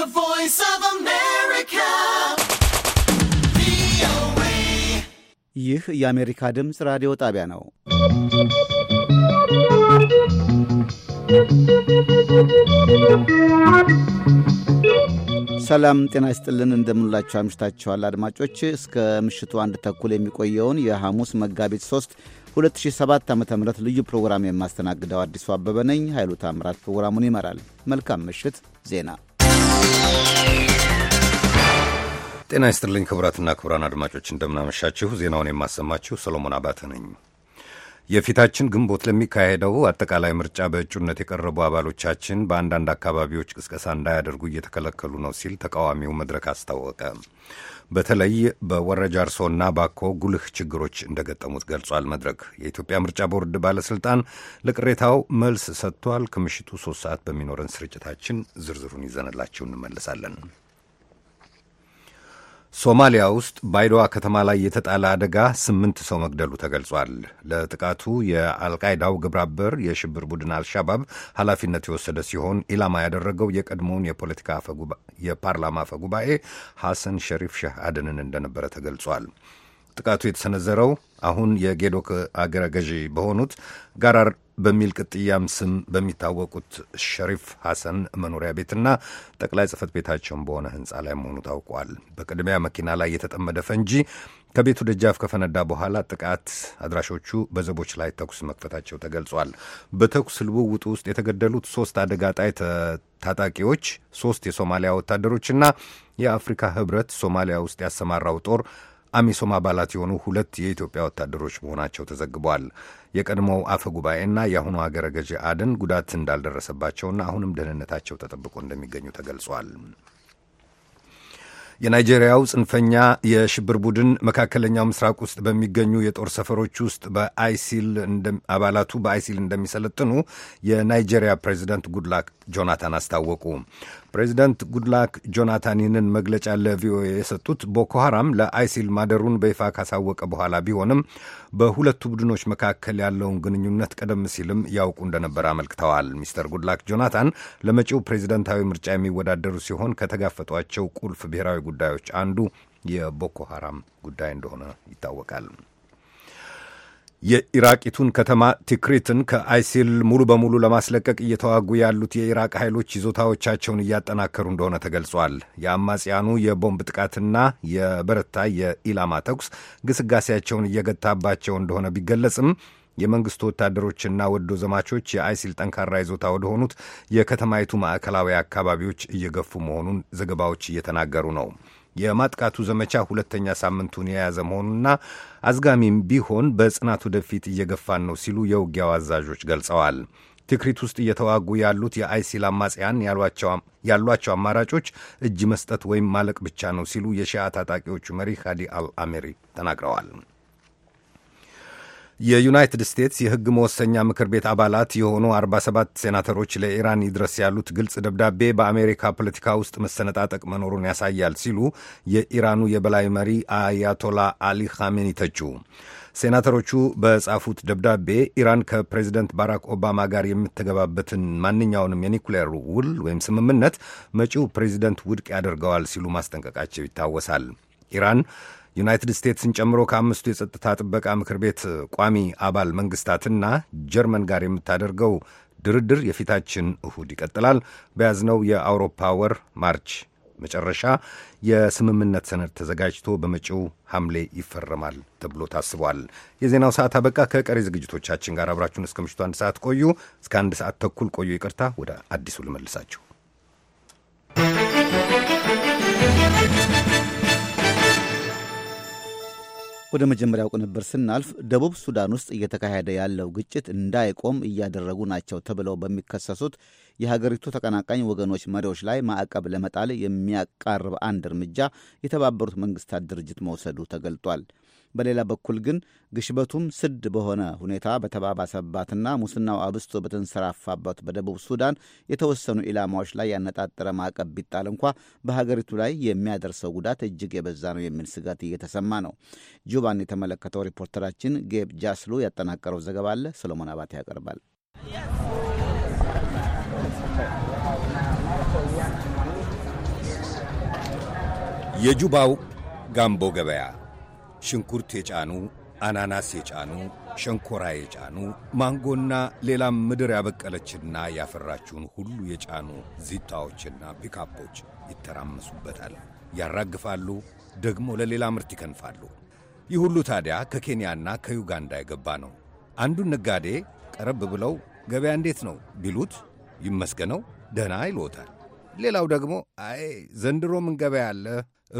The voice of America. ይህ የአሜሪካ ድምፅ ራዲዮ ጣቢያ ነው። ሰላም ጤና ይስጥልን። እንደምንላችሁ አምሽታችኋል አድማጮች። እስከ ምሽቱ አንድ ተኩል የሚቆየውን የሐሙስ መጋቢት 3 2007 ዓ ም ልዩ ፕሮግራም የማስተናግደው አዲሱ አበበ ነኝ። ኃይሉ ታምራት ፕሮግራሙን ይመራል። መልካም ምሽት ዜና ጤና ይስጥልኝ ክቡራትና ክቡራን አድማጮች እንደምናመሻችሁ። ዜናውን የማሰማችሁ ሰሎሞን አባተ ነኝ። የፊታችን ግንቦት ለሚካሄደው አጠቃላይ ምርጫ በእጩነት የቀረቡ አባሎቻችን በአንዳንድ አካባቢዎች ቅስቀሳ እንዳያደርጉ እየተከለከሉ ነው ሲል ተቃዋሚው መድረክ አስታወቀ። በተለይ በወረጃ እርሶና ባኮ ጉልህ ችግሮች እንደገጠሙት ገልጿል። መድረክ የኢትዮጵያ ምርጫ ቦርድ ባለስልጣን ለቅሬታው መልስ ሰጥቷል። ከምሽቱ ሶስት ሰዓት በሚኖረን ስርጭታችን ዝርዝሩን ይዘንላቸው እንመለሳለን። ሶማሊያ ውስጥ ባይዶዋ ከተማ ላይ የተጣለ አደጋ ስምንት ሰው መግደሉ ተገልጿል። ለጥቃቱ የአልቃይዳው ግብረአበር የሽብር ቡድን አልሻባብ ኃላፊነት የወሰደ ሲሆን ኢላማ ያደረገው የቀድሞውን የፖለቲካ የፓርላማ አፈ ጉባኤ ሐሰን ሸሪፍ ሸህ አደንን እንደነበረ ተገልጿል። ጥቃቱ የተሰነዘረው አሁን የጌዶክ አገረ ገዢ በሆኑት ጋራር በሚል ቅጥያም ስም በሚታወቁት ሸሪፍ ሐሰን መኖሪያ ቤትና ጠቅላይ ጽህፈት ቤታቸውን በሆነ ሕንፃ ላይ መሆኑ ታውቋል። በቅድሚያ መኪና ላይ የተጠመደ ፈንጂ ከቤቱ ደጃፍ ከፈነዳ በኋላ ጥቃት አድራሾቹ በዘቦች ላይ ተኩስ መክፈታቸው ተገልጿል። በተኩስ ልውውጡ ውስጥ የተገደሉት ሶስት አደጋ ጣይ ታጣቂዎች፣ ሶስት የሶማሊያ ወታደሮችና የአፍሪካ ህብረት ሶማሊያ ውስጥ ያሰማራው ጦር አሚሶም አባላት የሆኑ ሁለት የኢትዮጵያ ወታደሮች መሆናቸው ተዘግቧል። የቀድሞው አፈ ጉባኤና የአሁኑ አገረ ገዢ አደን ጉዳት እንዳልደረሰባቸውና አሁንም ደህንነታቸው ተጠብቆ እንደሚገኙ ተገልጿል። የናይጄሪያው ጽንፈኛ የሽብር ቡድን መካከለኛው ምስራቅ ውስጥ በሚገኙ የጦር ሰፈሮች ውስጥ በአይሲል አባላቱ በአይሲል እንደሚሰለጥኑ የናይጄሪያ ፕሬዚደንት ጉድላክ ጆናታን አስታወቁ። ፕሬዚደንት ጉድላክ ጆናታን ይህንን መግለጫ ለቪኦኤ የሰጡት ቦኮ ሐራም ለአይሲል ማደሩን በይፋ ካሳወቀ በኋላ ቢሆንም በሁለቱ ቡድኖች መካከል ያለውን ግንኙነት ቀደም ሲልም ያውቁ እንደነበር አመልክተዋል። ሚስተር ጉድላክ ጆናታን ለመጪው ፕሬዚደንታዊ ምርጫ የሚወዳደሩ ሲሆን ከተጋፈጧቸው ቁልፍ ብሔራዊ ጉዳዮች አንዱ የቦኮ ሐራም ጉዳይ እንደሆነ ይታወቃል። የኢራቂቱን ከተማ ቲክሪትን ከአይሲል ሙሉ በሙሉ ለማስለቀቅ እየተዋጉ ያሉት የኢራቅ ኃይሎች ይዞታዎቻቸውን እያጠናከሩ እንደሆነ ተገልጿል። የአማጽያኑ የቦምብ ጥቃትና የበረታ የኢላማ ተኩስ ግስጋሴያቸውን እየገታባቸው እንደሆነ ቢገለጽም የመንግስቱ ወታደሮችና ወዶ ዘማቾች የአይሲል ጠንካራ ይዞታ ወደሆኑት የከተማይቱ ማዕከላዊ አካባቢዎች እየገፉ መሆኑን ዘገባዎች እየተናገሩ ነው። የማጥቃቱ ዘመቻ ሁለተኛ ሳምንቱን የያዘ መሆኑና አዝጋሚም ቢሆን በጽናት ወደፊት እየገፋን ነው ሲሉ የውጊያው አዛዦች ገልጸዋል። ትክሪት ውስጥ እየተዋጉ ያሉት የአይሲል አማጽያን ያሏቸው አማራጮች እጅ መስጠት ወይም ማለቅ ብቻ ነው ሲሉ የሺዓ ታጣቂዎቹ መሪ ሃዲ አልአሜሪ ተናግረዋል። የዩናይትድ ስቴትስ የሕግ መወሰኛ ምክር ቤት አባላት የሆኑ 47 ሴናተሮች ለኢራን ይድረስ ያሉት ግልጽ ደብዳቤ በአሜሪካ ፖለቲካ ውስጥ መሰነጣጠቅ መኖሩን ያሳያል ሲሉ የኢራኑ የበላይ መሪ አያቶላ አሊ ኻሜኒ ተቹ። ሴናተሮቹ በጻፉት ደብዳቤ ኢራን ከፕሬዚደንት ባራክ ኦባማ ጋር የምትገባበትን ማንኛውንም የኒኩሌር ውል ወይም ስምምነት መጪው ፕሬዚደንት ውድቅ ያደርገዋል ሲሉ ማስጠንቀቃቸው ይታወሳል። ኢራን ዩናይትድ ስቴትስን ጨምሮ ከአምስቱ የጸጥታ ጥበቃ ምክር ቤት ቋሚ አባል መንግስታትና ጀርመን ጋር የምታደርገው ድርድር የፊታችን እሁድ ይቀጥላል። በያዝነው የአውሮፓ ወር ማርች መጨረሻ የስምምነት ሰነድ ተዘጋጅቶ በመጪው ሐምሌ ይፈረማል ተብሎ ታስቧል። የዜናው ሰዓት አበቃ። ከቀሪ ዝግጅቶቻችን ጋር አብራችሁን እስከ ምሽቱ አንድ ሰዓት ቆዩ። እስከ አንድ ሰዓት ተኩል ቆዩ። ይቅርታ፣ ወደ አዲሱ ልመልሳችሁ። ወደ መጀመሪያው ቅንብር ስናልፍ ደቡብ ሱዳን ውስጥ እየተካሄደ ያለው ግጭት እንዳይቆም እያደረጉ ናቸው ተብለው በሚከሰሱት የሀገሪቱ ተቀናቃኝ ወገኖች መሪዎች ላይ ማዕቀብ ለመጣል የሚያቃርብ አንድ እርምጃ የተባበሩት መንግስታት ድርጅት መውሰዱ ተገልጧል። በሌላ በኩል ግን ግሽበቱም ስድ በሆነ ሁኔታ በተባባሰባትና ሙስናው አብስቶ በተንሰራፋበት በደቡብ ሱዳን የተወሰኑ ኢላማዎች ላይ ያነጣጠረ ማዕቀብ ቢጣል እንኳ በሀገሪቱ ላይ የሚያደርሰው ጉዳት እጅግ የበዛ ነው የሚል ስጋት እየተሰማ ነው። ጁባን የተመለከተው ሪፖርተራችን ጌብ ጃስሎ ያጠናቀረው ዘገባ አለ። ሰሎሞን አባቴ ያቀርባል። የጁባው ጋምቦ ገበያ ሽንኩርት የጫኑ አናናስ የጫኑ ሸንኮራ የጫኑ ማንጎና ሌላም ምድር ያበቀለችና ያፈራችውን ሁሉ የጫኑ ዚታዎችና ፒካፖች ይተራመሱበታል፣ ያራግፋሉ፣ ደግሞ ለሌላ ምርት ይከንፋሉ። ይህ ሁሉ ታዲያ ከኬንያና ከዩጋንዳ የገባ ነው። አንዱን ነጋዴ ቀረብ ብለው ገበያ እንዴት ነው ቢሉት ይመስገነው ደህና ይልዎታል። ሌላው ደግሞ አይ ዘንድሮ ምን ገበያ አለ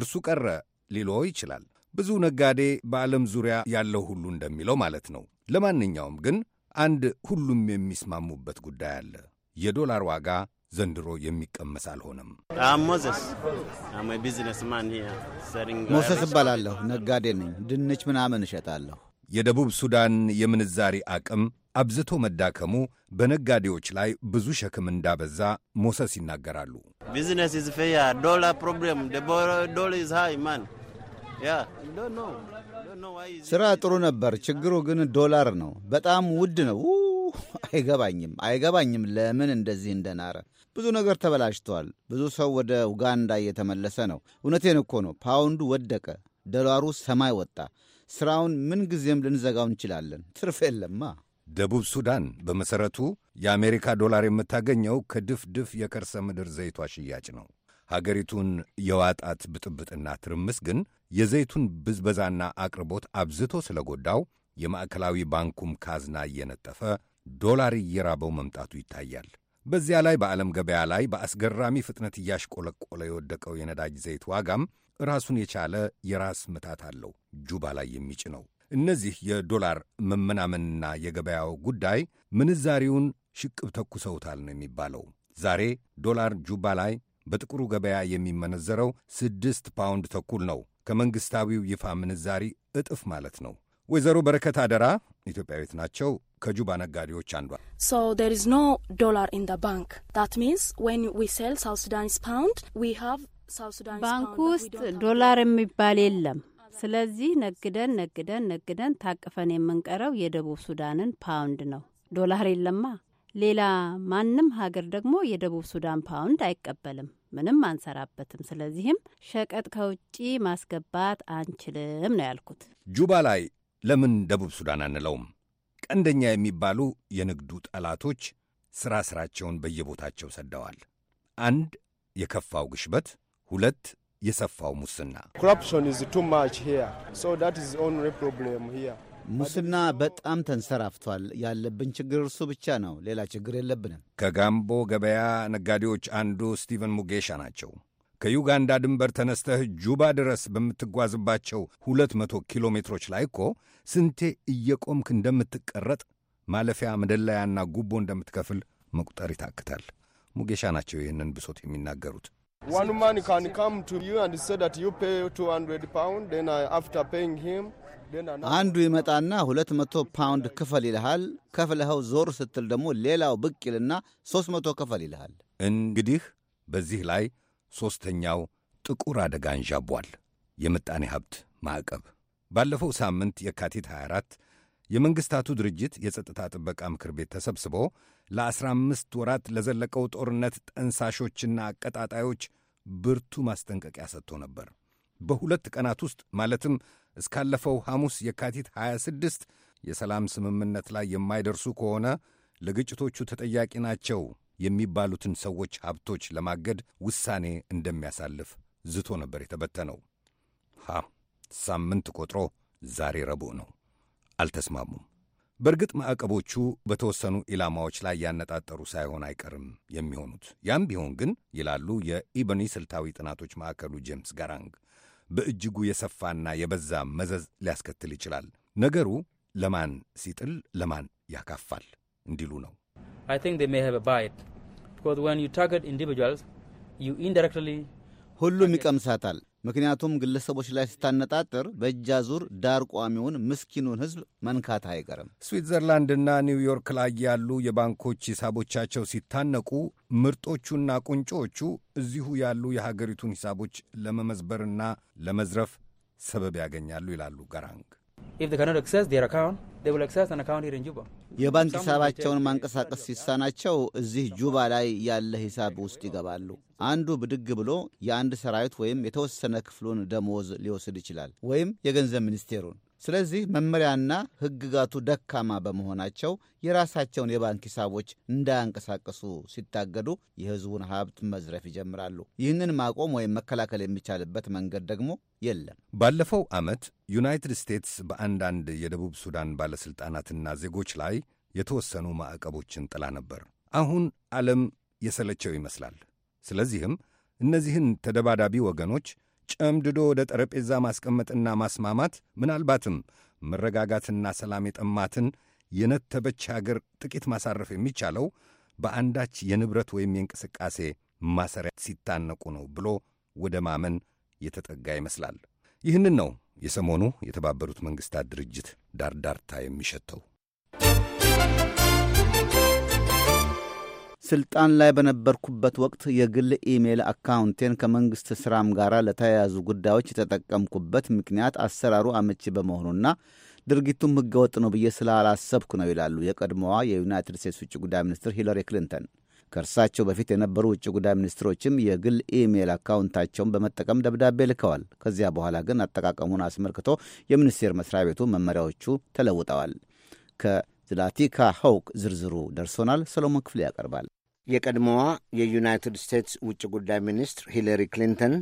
እርሱ ቀረ ሊሎ ይችላል። ብዙ ነጋዴ በዓለም ዙሪያ ያለው ሁሉ እንደሚለው ማለት ነው። ለማንኛውም ግን አንድ ሁሉም የሚስማሙበት ጉዳይ አለ። የዶላር ዋጋ ዘንድሮ የሚቀመስ አልሆነም። ሞሰስ uh, እባላለሁ፣ ነጋዴ ነኝ። ድንች ምናምን እሸጣለሁ። የደቡብ ሱዳን የምንዛሪ አቅም አብዝቶ መዳከሙ በነጋዴዎች ላይ ብዙ ሸክም እንዳበዛ ሞሰስ ይናገራሉ። ስራ ጥሩ ነበር። ችግሩ ግን ዶላር ነው፣ በጣም ውድ ነው። አይገባኝም አይገባኝም ለምን እንደዚህ እንደናረ። ብዙ ነገር ተበላሽቷል። ብዙ ሰው ወደ ኡጋንዳ እየተመለሰ ነው። እውነቴን እኮ ነው። ፓውንዱ ወደቀ፣ ዶላሩ ሰማይ ወጣ። ስራውን ምንጊዜም ልንዘጋው እንችላለን። ትርፍ የለማ። ደቡብ ሱዳን በመሠረቱ የአሜሪካ ዶላር የምታገኘው ከድፍድፍ የከርሰ ምድር ዘይቷ ሽያጭ ነው። ሀገሪቱን የዋጣት ብጥብጥና ትርምስ ግን የዘይቱን ብዝበዛና አቅርቦት አብዝቶ ስለጎዳው የማዕከላዊ ባንኩም ካዝና እየነጠፈ ዶላር እየራበው መምጣቱ ይታያል። በዚያ ላይ በዓለም ገበያ ላይ በአስገራሚ ፍጥነት እያሽቆለቆለ የወደቀው የነዳጅ ዘይት ዋጋም ራሱን የቻለ የራስ ምታት አለው ጁባ ላይ የሚጭነው። እነዚህ የዶላር መመናመንና የገበያው ጉዳይ ምንዛሪውን ሽቅብ ተኩሰውታል ነው የሚባለው። ዛሬ ዶላር ጁባ ላይ በጥቁሩ ገበያ የሚመነዘረው ስድስት ፓውንድ ተኩል ነው። ከመንግሥታዊው ይፋ ምንዛሪ እጥፍ ማለት ነው። ወይዘሮ በረከት አደራ ኢትዮጵያዊት ናቸው። ከጁባ ነጋዴዎች አንዷ ባንክ ውስጥ ዶላር የሚባል የለም። ስለዚህ ነግደን ነግደን ነግደን ታቅፈን የምንቀረው የደቡብ ሱዳንን ፓውንድ ነው። ዶላር የለማ። ሌላ ማንም ሀገር ደግሞ የደቡብ ሱዳን ፓውንድ አይቀበልም። ምንም አንሰራበትም። ስለዚህም ሸቀጥ ከውጭ ማስገባት አንችልም ነው ያልኩት። ጁባ ላይ ለምን ደቡብ ሱዳን አንለውም? ቀንደኛ የሚባሉ የንግዱ ጠላቶች ሥራ ሥራቸውን በየቦታቸው ሰደዋል። አንድ የከፋው ግሽበት፣ ሁለት የሰፋው ሙስና። ኮራፕሽን ኢዝ ቱ ማች ሂር ሶ ኢዝ ኦንሊ ሂር ሙስና በጣም ተንሰራፍቷል። ያለብን ችግር እርሱ ብቻ ነው። ሌላ ችግር የለብንም። ከጋምቦ ገበያ ነጋዴዎች አንዱ ስቲቨን ሙጌሻ ናቸው። ከዩጋንዳ ድንበር ተነስተህ ጁባ ድረስ በምትጓዝባቸው ሁለት መቶ ኪሎ ሜትሮች ላይ እኮ ስንቴ እየቆምክ እንደምትቀረጥ ማለፊያ መደለያና ጉቦ እንደምትከፍል መቁጠር ይታክታል። ሙጌሻ ናቸው ይህንን ብሶት የሚናገሩት። ዋን ማን ካን ካም ቱ ዩ አንድ ሴ ዳት ዩ ፔ ቱ ፓውንድ ዜን አፍተር ፔይንግ ሂም አንዱ ይመጣና 200 መቶ ፓውንድ ክፈል ይልሃል። ከፍለኸው ዞር ስትል ደግሞ ሌላው ብቅ ይልና ሦስት ክፈል ይልሃል። እንግዲህ በዚህ ላይ ሦስተኛው ጥቁር አደጋ እንዣቧል፣ የምጣኔ ሀብት ማዕቀብ ባለፈው ሳምንት የካቲት 24 የመንግሥታቱ ድርጅት የጸጥታ ጥበቃ ምክር ቤት ተሰብስቦ ለ15 ወራት ለዘለቀው ጦርነት ጠንሳሾችና አቀጣጣዮች ብርቱ ማስጠንቀቂያ ሰጥቶ ነበር። በሁለት ቀናት ውስጥ ማለትም እስካለፈው ሐሙስ የካቲት 26 የሰላም ስምምነት ላይ የማይደርሱ ከሆነ ለግጭቶቹ ተጠያቂ ናቸው የሚባሉትን ሰዎች ሀብቶች ለማገድ ውሳኔ እንደሚያሳልፍ ዝቶ ነበር የተበተነው። ሃ ሳምንት ቆጥሮ ዛሬ ረቡዕ ነው። አልተስማሙም። በእርግጥ ማዕቀቦቹ በተወሰኑ ኢላማዎች ላይ ያነጣጠሩ ሳይሆን አይቀርም የሚሆኑት። ያም ቢሆን ግን ይላሉ የኢበኒ ስልታዊ ጥናቶች ማዕከሉ ጄምስ ጋራንግ በእጅጉ የሰፋና የበዛ መዘዝ ሊያስከትል ይችላል። ነገሩ ለማን ሲጥል ለማን ያካፋል እንዲሉ ነው። ሁሉም ይቀምሳታል። ምክንያቱም ግለሰቦች ላይ ስታነጣጥር በእጃ ዙር ዳር ቋሚውን ምስኪኑን ሕዝብ መንካት አይቀርም። ስዊትዘርላንድና ኒውዮርክ ላይ ያሉ የባንኮች ሂሳቦቻቸው ሲታነቁ ምርጦቹና ቁንጮቹ እዚሁ ያሉ የሀገሪቱን ሂሳቦች ለመመዝበርና ለመዝረፍ ሰበብ ያገኛሉ ይላሉ ገራንግ። የባንክ ሂሳባቸውን ማንቀሳቀስ ሲሳናቸው እዚህ ጁባ ላይ ያለ ሂሳብ ውስጥ ይገባሉ። አንዱ ብድግ ብሎ የአንድ ሰራዊት ወይም የተወሰነ ክፍሉን ደሞዝ ሊወስድ ይችላል፣ ወይም የገንዘብ ሚኒስቴሩን ስለዚህ መመሪያና ሕግጋቱ ደካማ በመሆናቸው የራሳቸውን የባንክ ሂሳቦች እንዳያንቀሳቀሱ ሲታገዱ የሕዝቡን ሀብት መዝረፍ ይጀምራሉ። ይህንን ማቆም ወይም መከላከል የሚቻልበት መንገድ ደግሞ የለም። ባለፈው ዓመት ዩናይትድ ስቴትስ በአንዳንድ የደቡብ ሱዳን ባለሥልጣናትና ዜጎች ላይ የተወሰኑ ማዕቀቦችን ጥላ ነበር። አሁን ዓለም የሰለቸው ይመስላል። ስለዚህም እነዚህን ተደባዳቢ ወገኖች ጨምድዶ ወደ ጠረጴዛ ማስቀመጥና ማስማማት ምናልባትም መረጋጋትና ሰላም የጠማትን የነተበች አገር ጥቂት ማሳረፍ የሚቻለው በአንዳች የንብረት ወይም የእንቅስቃሴ ማሰሪያ ሲታነቁ ነው ብሎ ወደ ማመን የተጠጋ ይመስላል። ይህንን ነው የሰሞኑ የተባበሩት መንግሥታት ድርጅት ዳርዳርታ የሚሸተው። ስልጣን ላይ በነበርኩበት ወቅት የግል ኢሜል አካውንቴን ከመንግሥት ሥራም ጋር ለተያያዙ ጉዳዮች የተጠቀምኩበት ምክንያት አሰራሩ አመቺ በመሆኑና ድርጊቱም ሕገወጥ ነው ብዬ ስላላሰብኩ ነው ይላሉ የቀድሞዋ የዩናይትድ ስቴትስ ውጭ ጉዳይ ሚኒስትር ሂለሪ ክሊንተን። ከእርሳቸው በፊት የነበሩ ውጭ ጉዳይ ሚኒስትሮችም የግል ኢሜል አካውንታቸውን በመጠቀም ደብዳቤ ልከዋል። ከዚያ በኋላ ግን አጠቃቀሙን አስመልክቶ የሚኒስቴር መስሪያ ቤቱ መመሪያዎቹ ተለውጠዋል። ከዝላቲካ ሆውቅ ዝርዝሩ ደርሶናል። ሰሎሞን ክፍሌ ያቀርባል። የቀድሞዋ የዩናይትድ ስቴትስ ውጭ ጉዳይ ሚኒስትር ሂለሪ ክሊንተን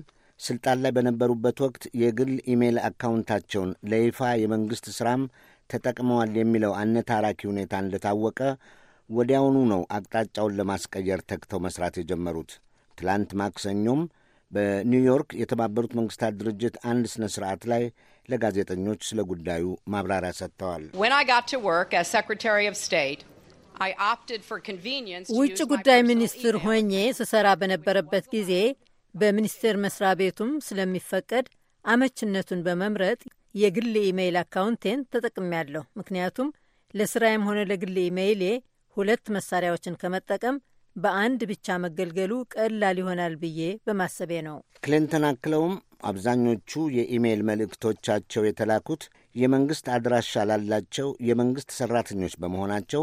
ስልጣን ላይ በነበሩበት ወቅት የግል ኢሜይል አካውንታቸውን ለይፋ የመንግሥት ሥራም ተጠቅመዋል የሚለው አነታራኪ ሁኔታ እንደታወቀ ወዲያውኑ ነው አቅጣጫውን ለማስቀየር ተግተው መስራት የጀመሩት። ትላንት ማክሰኞም በኒውዮርክ የተባበሩት መንግስታት ድርጅት አንድ ሥነ ሥርዓት ላይ ለጋዜጠኞች ስለ ጉዳዩ ማብራሪያ ሰጥተዋል። ውጭ ጉዳይ ሚኒስትር ሆኜ ስሰራ በነበረበት ጊዜ በሚኒስቴር መስሪያ ቤቱም ስለሚፈቀድ አመችነቱን በመምረጥ የግል ኢሜይል አካውንቴን ተጠቅሜያለሁ። ምክንያቱም ለስራዬም ሆነ ለግል ኢሜይሌ ሁለት መሳሪያዎችን ከመጠቀም በአንድ ብቻ መገልገሉ ቀላል ይሆናል ብዬ በማሰቤ ነው። ክሊንተን አክለውም አብዛኞቹ የኢሜይል መልእክቶቻቸው የተላኩት የመንግሥት አድራሻ ላላቸው የመንግሥት ሠራተኞች በመሆናቸው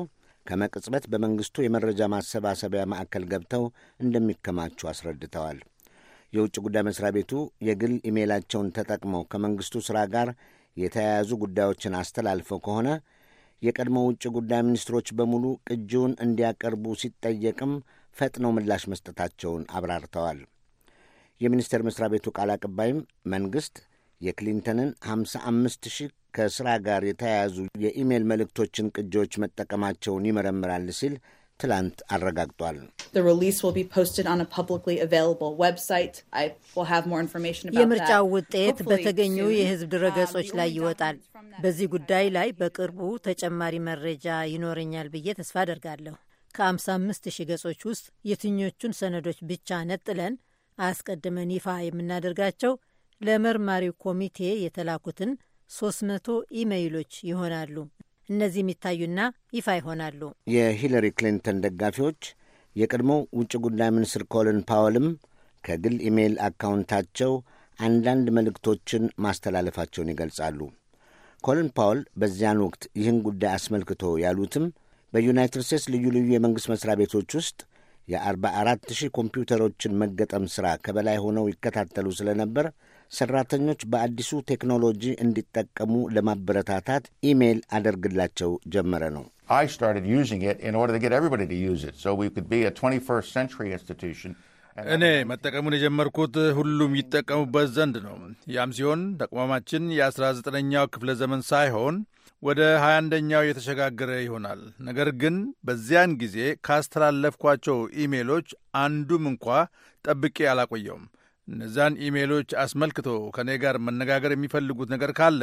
ከመቅጽበት በመንግሥቱ የመረጃ ማሰባሰቢያ ማዕከል ገብተው እንደሚከማቹ አስረድተዋል። የውጭ ጉዳይ መስሪያ ቤቱ የግል ኢሜይላቸውን ተጠቅመው ከመንግሥቱ ሥራ ጋር የተያያዙ ጉዳዮችን አስተላልፈው ከሆነ የቀድሞ ውጭ ጉዳይ ሚኒስትሮች በሙሉ ቅጂውን እንዲያቀርቡ ሲጠየቅም ፈጥነው ምላሽ መስጠታቸውን አብራርተዋል። የሚኒስቴር መስሪያ ቤቱ ቃል አቀባይም መንግሥት የክሊንተንን 55 ሺህ ከሥራ ጋር የተያያዙ የኢሜል መልእክቶችን ቅጂዎች መጠቀማቸውን ይመረምራል ሲል ትላንት አረጋግጧል። የምርጫው ውጤት በተገኙ የሕዝብ ድረገጾች um, ላይ ይወጣል። በዚህ ጉዳይ ላይ በቅርቡ ተጨማሪ መረጃ ይኖረኛል ብዬ ተስፋ አደርጋለሁ። ከ55 ሺህ ገጾች ውስጥ የትኞቹን ሰነዶች ብቻ ነጥለን አስቀድመን ይፋ የምናደርጋቸው ለመርማሪው ኮሚቴ የተላኩትን 300 ኢሜይሎች ይሆናሉ። እነዚህ የሚታዩና ይፋ ይሆናሉ። የሂለሪ ክሊንተን ደጋፊዎች የቀድሞው ውጭ ጉዳይ ሚኒስትር ኮልን ፓወልም ከግል ኢሜይል አካውንታቸው አንዳንድ መልእክቶችን ማስተላለፋቸውን ይገልጻሉ። ኮልን ፓውል በዚያን ወቅት ይህን ጉዳይ አስመልክቶ ያሉትም በዩናይትድ ስቴትስ ልዩ ልዩ የመንግሥት መሥሪያ ቤቶች ውስጥ የ44 ሺህ ኮምፒውተሮችን መገጠም ሥራ ከበላይ ሆነው ይከታተሉ ስለነበር ሠራተኞች በአዲሱ ቴክኖሎጂ እንዲጠቀሙ ለማበረታታት ኢሜይል አደርግላቸው ጀመረ ነው። እኔ መጠቀሙን የጀመርኩት ሁሉም ይጠቀሙበት ዘንድ ነው። ያም ሲሆን ተቋማችን የ19ኛው ክፍለ ዘመን ሳይሆን ወደ 21ኛው የተሸጋገረ ይሆናል። ነገር ግን በዚያን ጊዜ ካስተላለፍኳቸው ኢሜሎች አንዱም እንኳ ጠብቄ አላቆየውም። እነዛን ኢሜይሎች አስመልክቶ ከእኔ ጋር መነጋገር የሚፈልጉት ነገር ካለ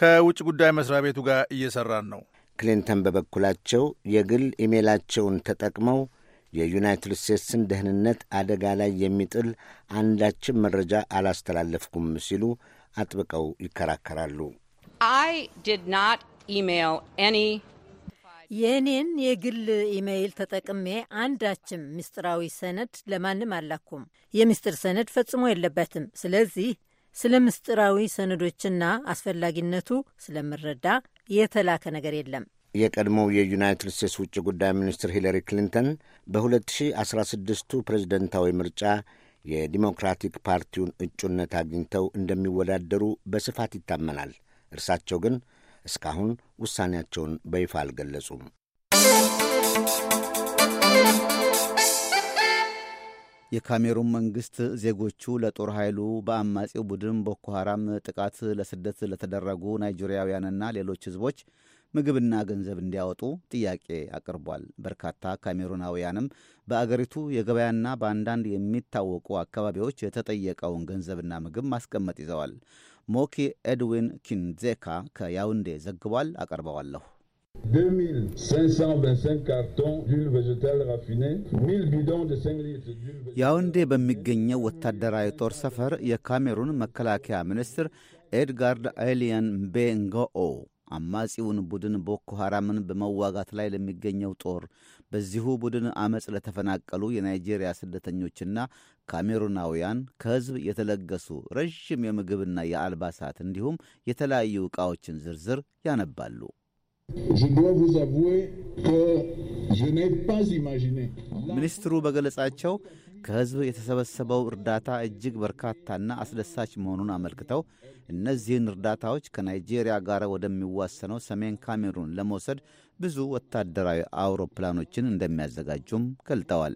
ከውጭ ጉዳይ መስሪያ ቤቱ ጋር እየሰራን ነው። ክሊንተን በበኩላቸው የግል ኢሜይላቸውን ተጠቅመው የዩናይትድ ስቴትስን ደህንነት አደጋ ላይ የሚጥል አንዳችም መረጃ አላስተላለፍኩም ሲሉ አጥብቀው ይከራከራሉ። I የእኔን የግል ኢሜይል ተጠቅሜ አንዳችም ምስጢራዊ ሰነድ ለማንም አላኩም። የምስጢር ሰነድ ፈጽሞ የለበትም። ስለዚህ ስለ ምስጢራዊ ሰነዶችና አስፈላጊነቱ ስለምረዳ የተላከ ነገር የለም። የቀድሞው የዩናይትድ ስቴትስ ውጭ ጉዳይ ሚኒስትር ሂለሪ ክሊንተን በ2016ቱ ፕሬዝደንታዊ ምርጫ የዲሞክራቲክ ፓርቲውን እጩነት አግኝተው እንደሚወዳደሩ በስፋት ይታመናል። እርሳቸው ግን እስካሁን ውሳኔያቸውን በይፋ አልገለጹም። የካሜሩን መንግሥት ዜጎቹ ለጦር ኃይሉ በአማጺው ቡድን ቦኮ ሐራም ጥቃት ለስደት ለተደረጉ ናይጄሪያውያንና ሌሎች ሕዝቦች ምግብና ገንዘብ እንዲያወጡ ጥያቄ አቅርቧል። በርካታ ካሜሩናውያንም በአገሪቱ የገበያና በአንዳንድ የሚታወቁ አካባቢዎች የተጠየቀውን ገንዘብና ምግብ ማስቀመጥ ይዘዋል። ሞኪ ኤድዊን ኪንዜካ ከያውንዴ ዘግቧል። አቀርበዋለሁ። 2525 ካርቶን ዱል ቬጀታል ራፊኔ ያውንዴ በሚገኘው ወታደራዊ ጦር ሰፈር የካሜሩን መከላከያ ሚኒስትር ኤድጋርድ አይሊያን ቤንጎኦ አማጺውን ቡድን ቦኮ ሐራምን በመዋጋት ላይ ለሚገኘው ጦር በዚሁ ቡድን አመፅ ለተፈናቀሉ የናይጄሪያ ስደተኞችና ካሜሩናውያን ከሕዝብ የተለገሱ ረዥም የምግብና የአልባሳት እንዲሁም የተለያዩ ዕቃዎችን ዝርዝር ያነባሉ። ሚኒስትሩ በገለጻቸው ከሕዝብ የተሰበሰበው እርዳታ እጅግ በርካታና አስደሳች መሆኑን አመልክተው እነዚህን እርዳታዎች ከናይጄሪያ ጋር ወደሚዋሰነው ሰሜን ካሜሩን ለመውሰድ ብዙ ወታደራዊ አውሮፕላኖችን እንደሚያዘጋጁም ገልጠዋል።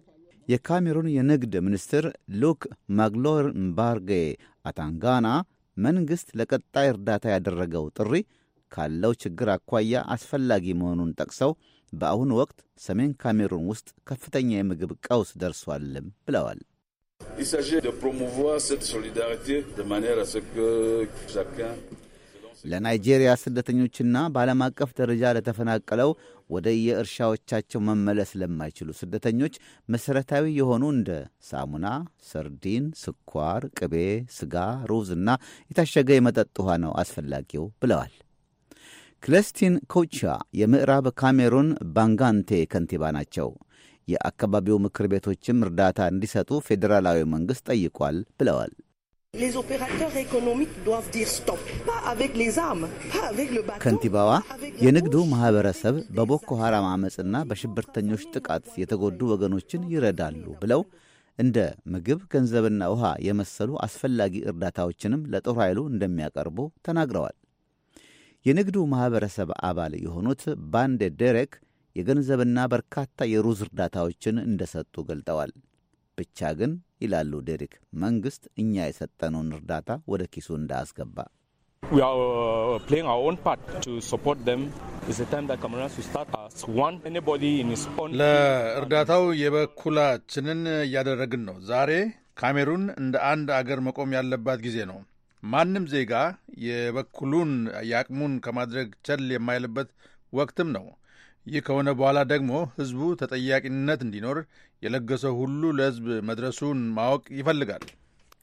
የካሜሩን የንግድ ሚኒስትር ሉክ ማግሎር ምባርጌ አታንጋና መንግሥት ለቀጣይ እርዳታ ያደረገው ጥሪ ካለው ችግር አኳያ አስፈላጊ መሆኑን ጠቅሰው በአሁኑ ወቅት ሰሜን ካሜሩን ውስጥ ከፍተኛ የምግብ ቀውስ ደርሷልም ብለዋል። ለናይጄሪያ ስደተኞችና በዓለም አቀፍ ደረጃ ለተፈናቀለው ወደ የእርሻዎቻቸው መመለስ ለማይችሉ ስደተኞች መሠረታዊ የሆኑ እንደ ሳሙና፣ ሰርዲን፣ ስኳር፣ ቅቤ፣ ስጋ፣ ሩዝ እና የታሸገ የመጠጥ ውሃ ነው አስፈላጊው ብለዋል። ክለስቲን ኮቻ የምዕራብ ካሜሩን ባንጋንቴ ከንቲባ ናቸው። የአካባቢው ምክር ቤቶችም እርዳታ እንዲሰጡ ፌዴራላዊ መንግሥት ጠይቋል ብለዋል። ከንቲባዋ የንግዱ ማኅበረሰብ በቦኮ ሐራም ዓመፅና በሽብርተኞች ጥቃት የተጎዱ ወገኖችን ይረዳሉ ብለው እንደ ምግብ፣ ገንዘብና ውሃ የመሰሉ አስፈላጊ እርዳታዎችንም ለጦር ኃይሉ እንደሚያቀርቡ ተናግረዋል። የንግዱ ማኅበረሰብ አባል የሆኑት ባንዴ ዴሬክ የገንዘብና በርካታ የሩዝ እርዳታዎችን እንደሰጡ ገልጠዋል። ብቻ ግን ይላሉ ዴሪክ፣ መንግሥት እኛ የሰጠነውን እርዳታ ወደ ኪሱ እንዳያስገባ uh, ለእርዳታው የበኩላችንን እያደረግን ነው። ዛሬ ካሜሩን እንደ አንድ አገር መቆም ያለባት ጊዜ ነው። ማንም ዜጋ የበኩሉን የአቅሙን ከማድረግ ቸል የማይልበት ወቅትም ነው። ይህ ከሆነ በኋላ ደግሞ ህዝቡ ተጠያቂነት እንዲኖር የለገሰው ሁሉ ለህዝብ መድረሱን ማወቅ ይፈልጋል።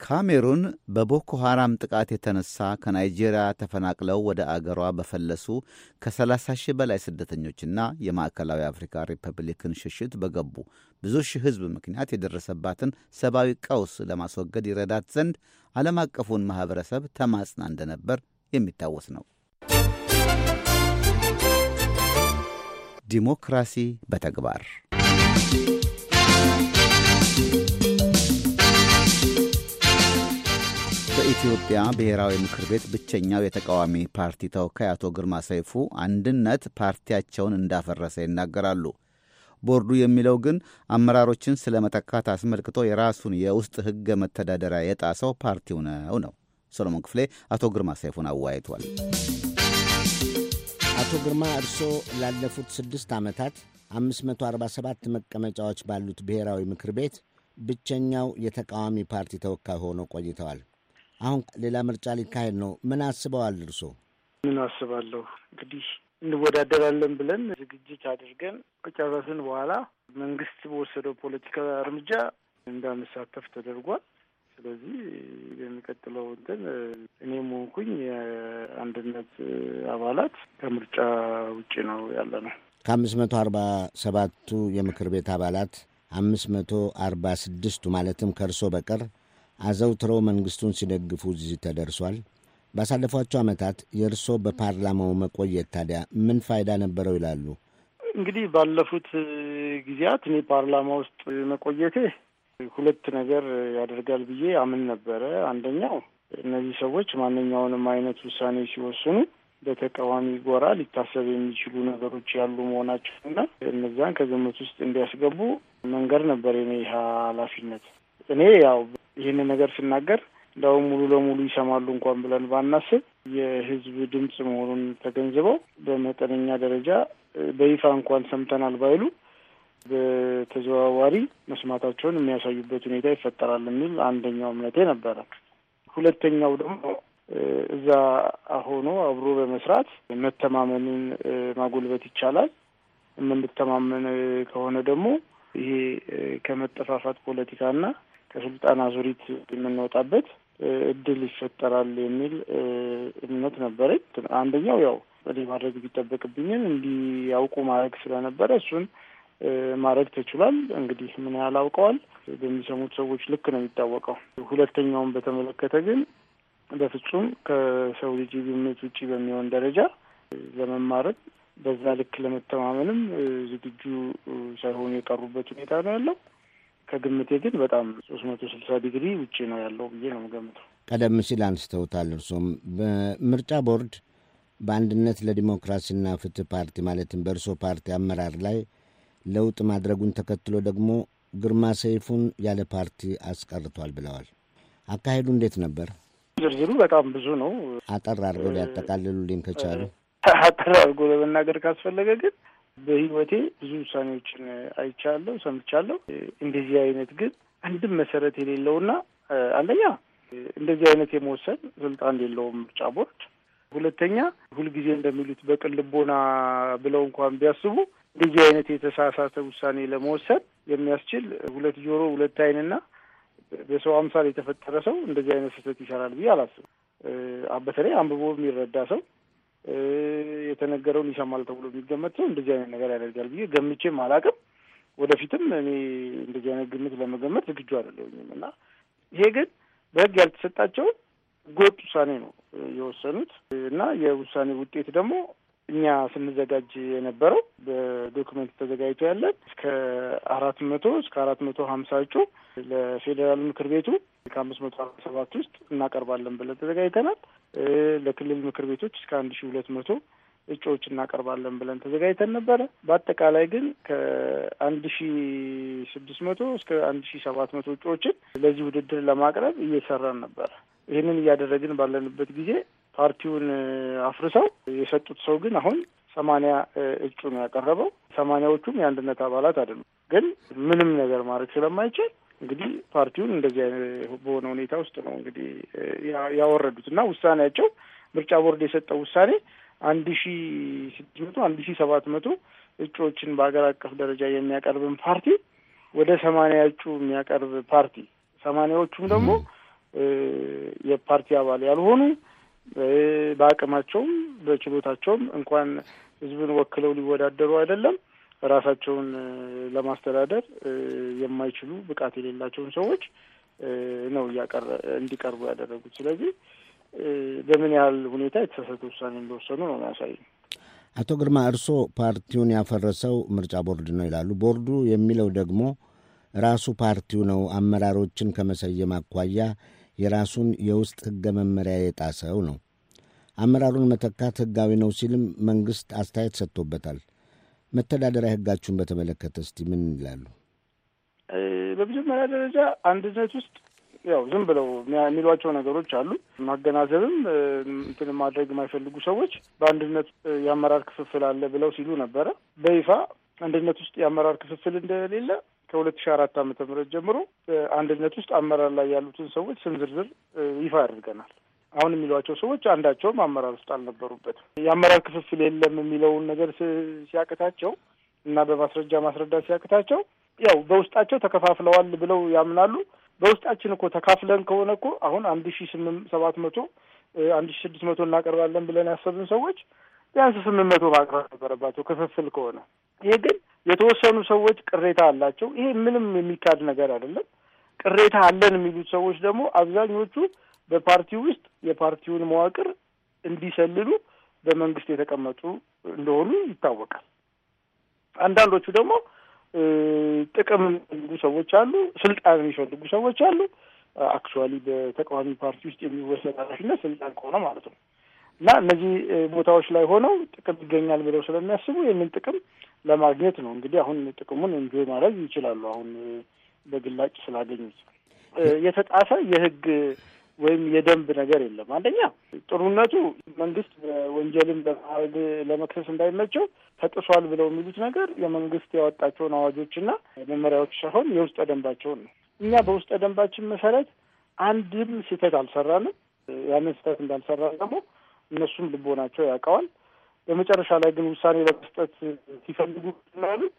ካሜሩን በቦኮ ሐራም ጥቃት የተነሳ ከናይጄሪያ ተፈናቅለው ወደ አገሯ በፈለሱ ከ30 ሺህ በላይ ስደተኞችና የማዕከላዊ አፍሪካ ሪፐብሊክን ሽሽት በገቡ ብዙ ሺህ ህዝብ ምክንያት የደረሰባትን ሰብአዊ ቀውስ ለማስወገድ ይረዳት ዘንድ ዓለም አቀፉን ማኅበረሰብ ተማጽና እንደነበር የሚታወስ ነው። ዲሞክራሲ በተግባር በኢትዮጵያ ብሔራዊ ምክር ቤት ብቸኛው የተቃዋሚ ፓርቲ ተወካይ አቶ ግርማ ሰይፉ አንድነት ፓርቲያቸውን እንዳፈረሰ ይናገራሉ። ቦርዱ የሚለው ግን አመራሮችን ስለ መተካት አስመልክቶ የራሱን የውስጥ ህገ መተዳደሪያ የጣሰው ፓርቲው ነው ነው። ሰሎሞን ክፍሌ አቶ ግርማ ሰይፉን አወያይቷል። አቶ ግርማ እርስዎ ላለፉት ስድስት ዓመታት 547 መቀመጫዎች ባሉት ብሔራዊ ምክር ቤት ብቸኛው የተቃዋሚ ፓርቲ ተወካይ ሆነው ቆይተዋል። አሁን ሌላ ምርጫ ሊካሄድ ነው። ምን አስበዋል እርስዎ? ምን አስባለሁ እንግዲህ እንወዳደራለን ብለን ዝግጅት አድርገን ከጨረስን በኋላ መንግስት በወሰደው ፖለቲካ እርምጃ እንዳንሳተፍ ተደርጓል። ስለዚህ የሚቀጥለው እንትን እኔ ሆንኩኝ የአንድነት አባላት ከምርጫ ውጭ ነው ያለ ነው። ከአምስት መቶ አርባ ሰባቱ የምክር ቤት አባላት አምስት መቶ አርባ ስድስቱ ማለትም ከእርሶ በቀር አዘውትረው መንግስቱን ሲደግፉ እዚህ ተደርሷል። ባሳለፏቸው ዓመታት የእርስዎ በፓርላማው መቆየት ታዲያ ምን ፋይዳ ነበረው ይላሉ? እንግዲህ ባለፉት ጊዜያት እኔ ፓርላማ ውስጥ መቆየቴ ሁለት ነገር ያደርጋል ብዬ አምን ነበረ። አንደኛው እነዚህ ሰዎች ማንኛውንም አይነት ውሳኔ ሲወስኑ በተቃዋሚ ጎራ ሊታሰብ የሚችሉ ነገሮች ያሉ መሆናቸው እና እነዛን ከግምት ውስጥ እንዲያስገቡ መንገድ ነበር የኔ ኃላፊነት። እኔ ያው ይህንን ነገር ስናገር እንደውም ሙሉ ለሙሉ ይሰማሉ እንኳን ብለን ባናስብ የህዝብ ድምፅ መሆኑን ተገንዝበው በመጠነኛ ደረጃ በይፋ እንኳን ሰምተናል ባይሉ በተዘዋዋሪ መስማታቸውን የሚያሳዩበት ሁኔታ ይፈጠራል የሚል አንደኛው እምነቴ ነበረ። ሁለተኛው ደግሞ እዛ ሆኖ አብሮ በመስራት መተማመንን ማጎልበት ይቻላል። የምንተማመን ከሆነ ደግሞ ይሄ ከመጠፋፋት ፖለቲካና ከስልጣን አዙሪት የምንወጣበት እድል ይፈጠራል የሚል እምነት ነበረኝ። አንደኛው ያው እኔ ማድረግ ቢጠበቅብኝን እንዲያውቁ ማድረግ ስለነበረ እሱን ማድረግ ተችሏል። እንግዲህ ምን ያህል አውቀዋል በሚሰሙት ሰዎች ልክ ነው የሚታወቀው። ሁለተኛውን በተመለከተ ግን በፍጹም ከሰው ልጅ ግምት ውጭ በሚሆን ደረጃ ለመማረጥ በዛ ልክ ለመተማመንም ዝግጁ ሳይሆኑ የቀሩበት ሁኔታ ነው ያለው። ከግምቴ ግን በጣም ሶስት መቶ ስልሳ ዲግሪ ውጭ ነው ያለው ብዬ ነው የምገምተው። ቀደም ሲል አንስተውታል እርሶም በምርጫ ቦርድ በአንድነት ለዲሞክራሲና ፍትህ ፓርቲ ማለትም በእርሶ ፓርቲ አመራር ላይ ለውጥ ማድረጉን ተከትሎ ደግሞ ግርማ ሰይፉን ያለ ፓርቲ አስቀርቷል ብለዋል። አካሄዱ እንዴት ነበር? ዝርዝሩ በጣም ብዙ ነው። አጠር አድርገው ሊያጠቃልሉልኝ ከቻሉ። አጠር አድርጎ ለመናገር ካስፈለገ ግን በህይወቴ ብዙ ውሳኔዎችን አይቻለሁ፣ ሰምቻለሁ። እንደዚህ አይነት ግን አንድም መሰረት የሌለውና አንደኛ እንደዚህ አይነት የመወሰን ስልጣን የለውም ምርጫ ቦርድ። ሁለተኛ ሁልጊዜ እንደሚሉት በቅን ልቦና ብለው እንኳን ቢያስቡ እንደዚህ አይነት የተሳሳተ ውሳኔ ለመወሰን የሚያስችል ሁለት ጆሮ ሁለት አይንና በሰው አምሳል የተፈጠረ ሰው እንደዚህ አይነት ስህተት ይሰራል ብዬ አላስብም። በተለይ አንብቦ የሚረዳ ሰው የተነገረውን ይሰማል ተብሎ የሚገመት ሰው እንደዚህ አይነት ነገር ያደርጋል ብዬ ገምቼም አላውቅም። ወደፊትም እኔ እንደዚህ አይነት ግምት ለመገመት ዝግጁ አይደለሁኝም እና ይሄ ግን በህግ ያልተሰጣቸው ጎጥ ውሳኔ ነው የወሰኑት እና የውሳኔ ውጤት ደግሞ እኛ ስንዘጋጅ የነበረው በዶክመንት ተዘጋጅቶ ያለን እስከ አራት መቶ እስከ አራት መቶ ሀምሳ እጩ ለፌዴራል ምክር ቤቱ ከአምስት መቶ አርባ ሰባት ውስጥ እናቀርባለን ብለን ተዘጋጅተናል። ለክልል ምክር ቤቶች እስከ አንድ ሺ ሁለት መቶ እጩዎች እናቀርባለን ብለን ተዘጋጅተን ነበረ። በአጠቃላይ ግን ከአንድ ሺ ስድስት መቶ እስከ አንድ ሺ ሰባት መቶ እጩዎችን ለዚህ ውድድር ለማቅረብ እየሰራን ነበረ። ይህንን እያደረግን ባለንበት ጊዜ ፓርቲውን አፍርሰው የሰጡት ሰው ግን አሁን ሰማንያ እጩ ነው ያቀረበው። ሰማንያዎቹም የአንድነት አባላት አይደሉም። ግን ምንም ነገር ማድረግ ስለማይችል እንግዲህ ፓርቲውን እንደዚህ በሆነ ሁኔታ ውስጥ ነው እንግዲህ ያወረዱት እና ውሳኔያቸው ምርጫ ቦርድ የሰጠው ውሳኔ አንድ ሺ ስድስት መቶ አንድ ሺ ሰባት መቶ እጩዎችን በሀገር አቀፍ ደረጃ የሚያቀርብን ፓርቲ ወደ ሰማንያ እጩ የሚያቀርብ ፓርቲ ሰማንያዎቹም ደግሞ የፓርቲ አባል ያልሆኑ በአቅማቸውም በችሎታቸውም እንኳን ህዝብን ወክለው ሊወዳደሩ አይደለም ራሳቸውን ለማስተዳደር የማይችሉ ብቃት የሌላቸውን ሰዎች ነው እያቀረ እንዲቀርቡ ያደረጉት። ስለዚህ በምን ያህል ሁኔታ የተሳሳተ ውሳኔ እንደወሰኑ ነው የሚያሳየው። አቶ ግርማ እርስዎ ፓርቲውን ያፈረሰው ምርጫ ቦርድ ነው ይላሉ። ቦርዱ የሚለው ደግሞ ራሱ ፓርቲው ነው አመራሮችን ከመሰየም አኳያ የራሱን የውስጥ ሕገ መመሪያ የጣሰው ነው። አመራሩን መተካት ሕጋዊ ነው ሲልም መንግሥት አስተያየት ሰጥቶበታል። መተዳደሪያ ህጋችሁን በተመለከተ እስቲ ምን ይላሉ? በመጀመሪያ ደረጃ አንድነት ውስጥ ያው ዝም ብለው የሚሏቸው ነገሮች አሉ። ማገናዘብም እንትን ማድረግ የማይፈልጉ ሰዎች በአንድነት የአመራር ክፍፍል አለ ብለው ሲሉ ነበረ። በይፋ አንድነት ውስጥ የአመራር ክፍፍል እንደሌለ ከሁለት ሺ አራት ዓመተ ምህረት ጀምሮ አንድነት ውስጥ አመራር ላይ ያሉትን ሰዎች ስም ዝርዝር ይፋ አድርገናል። አሁን የሚሏቸው ሰዎች አንዳቸውም አመራር ውስጥ አልነበሩበትም። የአመራር ክፍፍል የለም የሚለውን ነገር ሲያቅታቸው እና በማስረጃ ማስረዳት ሲያቅታቸው ያው በውስጣቸው ተከፋፍለዋል ብለው ያምናሉ። በውስጣችን እኮ ተካፍለን ከሆነ እኮ አሁን አንድ ሺ ስምንት ሰባት መቶ አንድ ሺ ስድስት መቶ እናቀርባለን ብለን ያሰብን ሰዎች ቢያንስ ስምንት መቶ ማቅረብ ነበረባቸው ክፍፍል ከሆነ። ይሄ ግን የተወሰኑ ሰዎች ቅሬታ አላቸው። ይሄ ምንም የሚካድ ነገር አይደለም። ቅሬታ አለን የሚሉት ሰዎች ደግሞ አብዛኞቹ በፓርቲው ውስጥ የፓርቲውን መዋቅር እንዲሰልሉ በመንግስት የተቀመጡ እንደሆኑ ይታወቃል። አንዳንዶቹ ደግሞ ጥቅም የሚፈልጉ ሰዎች አሉ፣ ስልጣን የሚፈልጉ ሰዎች አሉ። አክቹዋሊ በተቃዋሚ ፓርቲ ውስጥ የሚወሰድ ኃላፊነት ስልጣን ከሆነ ማለት ነው እና እነዚህ ቦታዎች ላይ ሆነው ጥቅም ይገኛል ብለው ስለሚያስቡ ይህንን ጥቅም ለማግኘት ነው እንግዲህ አሁን ጥቅሙን እንጆይ ማድረግ ይችላሉ። አሁን በግላጭ ስላገኙት የተጣሰ የህግ ወይም የደንብ ነገር የለም። አንደኛ ጥሩነቱ መንግስት ወንጀልን በማዕረግ ለመክሰስ እንዳይመቸው ተጥሷል ብለው የሚሉት ነገር የመንግስት ያወጣቸውን አዋጆችና መመሪያዎች ሳይሆን የውስጠ ደንባቸውን ነው። እኛ በውስጠ ደንባችን መሰረት አንድም ስህተት አልሰራንም። ያንን ስህተት እንዳልሰራ ደግሞ እነሱም ልቦናቸው ያውቀዋል። በመጨረሻ ላይ ግን ውሳኔ ለመስጠት ሲፈልጉ ያሉት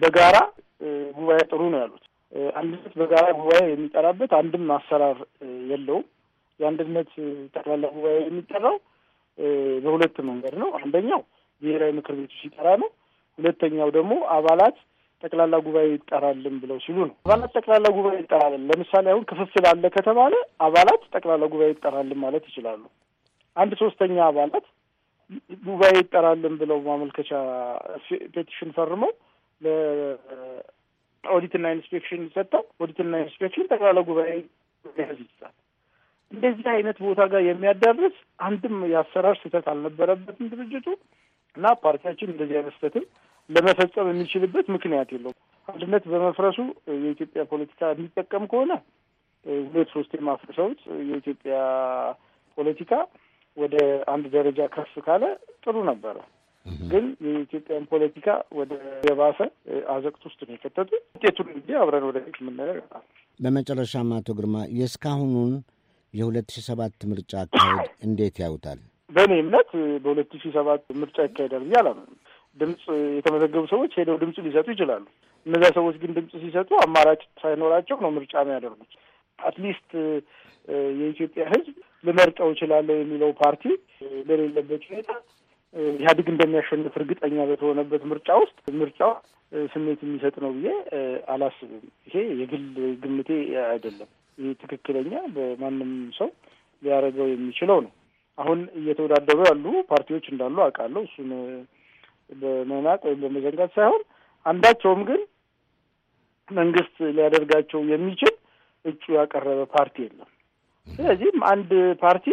በጋራ ጉባኤ ጥሩ ነው ያሉት አንድነት በጋራ ጉባኤ የሚጠራበት አንድም አሰራር የለውም። የአንድነት ጠቅላላ ጉባኤ የሚጠራው በሁለት መንገድ ነው። አንደኛው ብሔራዊ ምክር ቤቱ ሲጠራ ነው። ሁለተኛው ደግሞ አባላት ጠቅላላ ጉባኤ ይጠራልን ብለው ሲሉ ነው። አባላት ጠቅላላ ጉባኤ ይጠራልን። ለምሳሌ አሁን ክፍፍል አለ ከተባለ አባላት ጠቅላላ ጉባኤ ይጠራልን ማለት ይችላሉ። አንድ ሶስተኛ አባላት ጉባኤ ይጠራልን ብለው ማመልከቻ ፔቲሽን ፈርመው ኦዲትና ኢንስፔክሽን ይሰጣል። ኦዲትና ኢንስፔክሽን ጠቅላላ ጉባኤ ያዝ ይችላል። እንደዚህ አይነት ቦታ ጋር የሚያዳርስ አንድም የአሰራር ስህተት አልነበረበትም ድርጅቱ እና ፓርቲያችን እንደዚህ አይነት ስህተትም ለመፈጸም የሚችልበት ምክንያት የለውም። አንድነት በመፍረሱ የኢትዮጵያ ፖለቲካ የሚጠቀም ከሆነ ሁለት ሶስት የማፍርሰውት የኢትዮጵያ ፖለቲካ ወደ አንድ ደረጃ ከፍ ካለ ጥሩ ነበረ። ግን የኢትዮጵያን ፖለቲካ ወደ የባሰ አዘቅት ውስጥ ነው የከተቱ። ውጤቱን እንግዲህ አብረን ወደፊት የምናየው ይሆናል። በመጨረሻም አቶ ግርማ የእስካሁኑን የሁለት ሺ ሰባት ምርጫ አካሄድ እንዴት ያዩታል? በእኔ እምነት በሁለት ሺ ሰባት ምርጫ ይካሄዳል ብዬ አላምንም። ድምፅ የተመዘገቡ ሰዎች ሄደው ድምፅ ሊሰጡ ይችላሉ። እነዚያ ሰዎች ግን ድምፅ ሲሰጡ አማራጭ ሳይኖራቸው ነው ምርጫ የሚያደርጉት። አትሊስት የኢትዮጵያ ሕዝብ ልመርጠው እችላለሁ የሚለው ፓርቲ በሌለበት ሁኔታ ኢህአዴግ እንደሚያሸንፍ እርግጠኛ በተሆነበት ምርጫ ውስጥ ምርጫው ስሜት የሚሰጥ ነው ብዬ አላስብም። ይሄ የግል ግምቴ አይደለም። ይህ ትክክለኛ በማንም ሰው ሊያደርገው የሚችለው ነው። አሁን እየተወዳደሩ ያሉ ፓርቲዎች እንዳሉ አውቃለሁ። እሱን በመናቅ ወይም በመዘንጋት ሳይሆን አንዳቸውም ግን መንግስት ሊያደርጋቸው የሚችል እጩ ያቀረበ ፓርቲ የለም። ስለዚህም አንድ ፓርቲ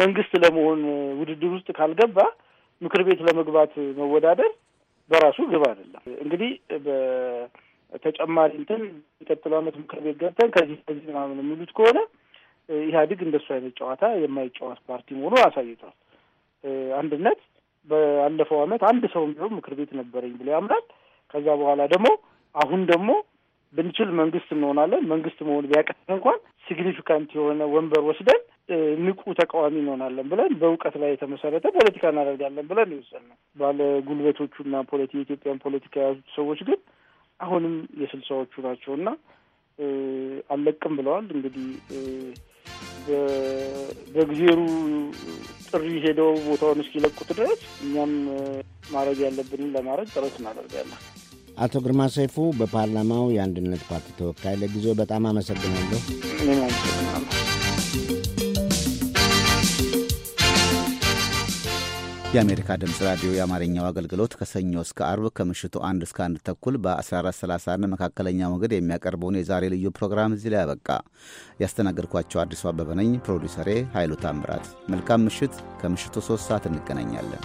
መንግስት ለመሆን ውድድር ውስጥ ካልገባ ምክር ቤት ለመግባት መወዳደር በራሱ ግብ አይደለም። እንግዲህ በተጨማሪ እንትን የሚቀጥለው ምክር ቤት ገብተን ከዚህ ከዚህ ምናምን የሚሉት ከሆነ ኢህአዲግ እንደሱ አይነት ጨዋታ የማይጫወት ፓርቲ መሆኑ አሳይቷል። አንድነት ባለፈው ዓመት አንድ ሰው ቢሆን ምክር ቤት ነበረኝ ብሎ ያምናል። ከዛ በኋላ ደግሞ አሁን ደግሞ ብንችል መንግስት እንሆናለን። መንግስት መሆን ቢያቅተን እንኳን ሲግኒፊካንት የሆነ ወንበር ወስደን ንቁ ተቃዋሚ እንሆናለን ብለን በእውቀት ላይ የተመሰረተ ፖለቲካ እናደርጋለን ብለን ይወሰን ነው። ባለ ጉልበቶቹና ፖለቲ የኢትዮጵያን ፖለቲካ የያዙት ሰዎች ግን አሁንም የስልሳዎቹ ናቸው እና አለቅም ብለዋል። እንግዲህ በእግዜሩ ጥሪ ሄደው ቦታውን እስኪለቁት ድረስ እኛም ማድረግ ያለብንን ለማድረግ ጥረት እናደርጋለን። አቶ ግርማ ሰይፉ በፓርላማው የአንድነት ፓርቲ ተወካይ፣ ለጊዜው በጣም አመሰግናለሁ። እኔም አመሰግናለሁ። የአሜሪካ ድምፅ ራዲዮ የአማርኛው አገልግሎት ከሰኞ እስከ አርብ ከምሽቱ አንድ እስከ አንድ ተኩል በ1431 መካከለኛ ሞገድ የሚያቀርበውን የዛሬ ልዩ ፕሮግራም እዚህ ላይ ያበቃ። ያስተናገድኳቸው አዲሱ አበበ ነኝ። ፕሮዲውሰሬ ኃይሉ ታምራት። መልካም ምሽት። ከምሽቱ ሶስት ሰዓት እንገናኛለን።